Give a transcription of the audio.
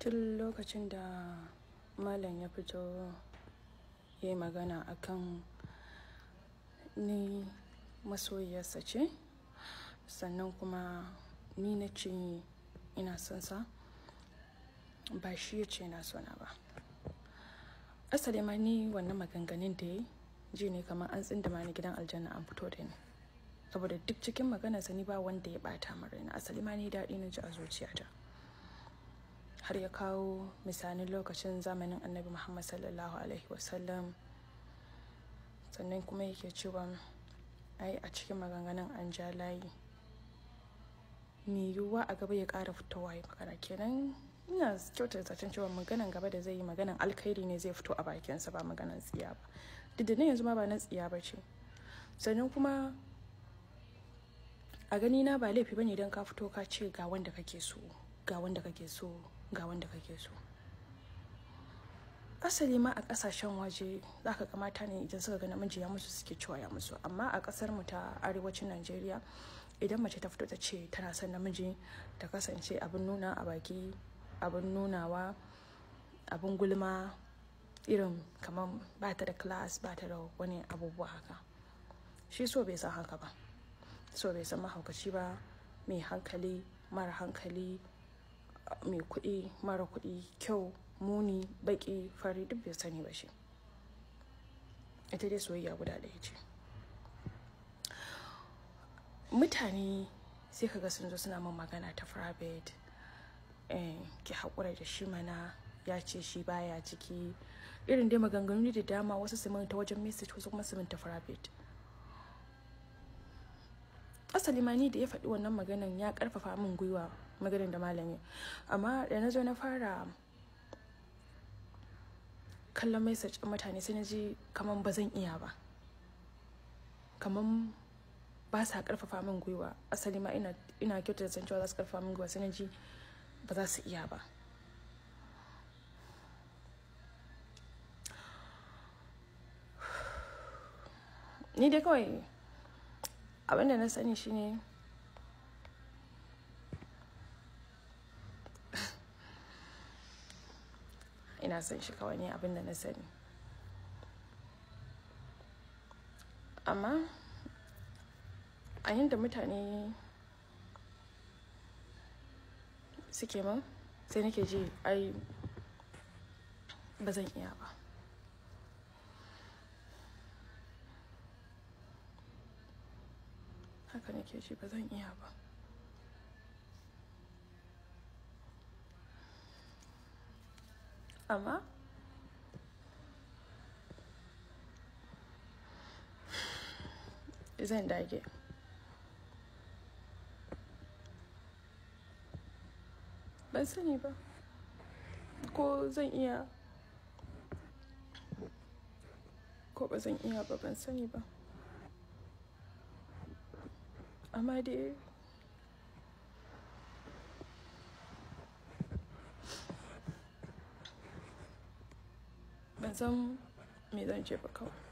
tun lokacin da malam ya fito ya yi magana akan ni masoyiyarsa ce sannan kuma ni na ce ina son sa ba shi ya ce na sona ba asali ma ni wannan maganganun da ya ji ne kamar an tsinda ni gidan aljanna an fito da ni saboda duk cikin maganarsa ni ba wanda ya bata min raina asali ma ni daɗi na ji a zuciyata har ya kawo misalin lokacin zamanin annabi muhammad sallallahu alaihi wasallam sannan kuma yake cewa ai a cikin maganganun an ja layi mai yiwuwa a gaba ya kara fitowa ya magana kenan ina kyauta zaton cewa maganan gaba da zai yi maganan alkhairi ne zai fito a bakinsa ba maganan tsiya ba duk nan yanzu ma ba na tsiya ba ce sannan kuma a gani na ba laifi bane idan ka fito ka ce ga wanda kake so ga wanda kake so ga wanda kake so asali ma a kasashen waje za ka kamata ne idan suka ga namiji ya musu suke cewa ya musu amma a kasar mu ta arewacin najeriya idan mace ta fito ta ce tana son namiji ta kasance abin nuna a baki abin nunawa abin gulma irin kamar ba ta da class ba ta da wani abubuwa haka shi so bai san haka ba so bai san mahaukaci ba mai hankali mara hankali mai kuɗi mara kuɗi kyau muni baƙi fari duk bai sani ba shi ita dai soyayya guda ɗaya ce mutane sai kaga sun zo suna min magana ta private eh, ki haƙura da shi mana ya ce shi baya ciki irin dai maganganu da dama wasu su ta wajen message wasu kuma su ta private asali ma ni da ya faɗi wannan maganan ya ƙarfafa min gwiwa maganin da malami amma da na zo na fara kallon message ɗin mutane sai na ji kaman ba zan iya ba kaman ba sa ƙarfafa min gwiwa asali ma ina kyauta da cewa za su ƙarfafa min gwiwa sai na ji ba za su iya ba ni dai kawai abinda na sani shine ina son shi kawai ne abin na sani amma a yadda mutane suke man sai nake ji ai ba zan iya ba haka nake ji ba zan iya ba amma zan dage ban sani ba ko zan iya ko ba zan iya ba ban sani ba Am oh, I dear? Ben some meydan içe bakalım.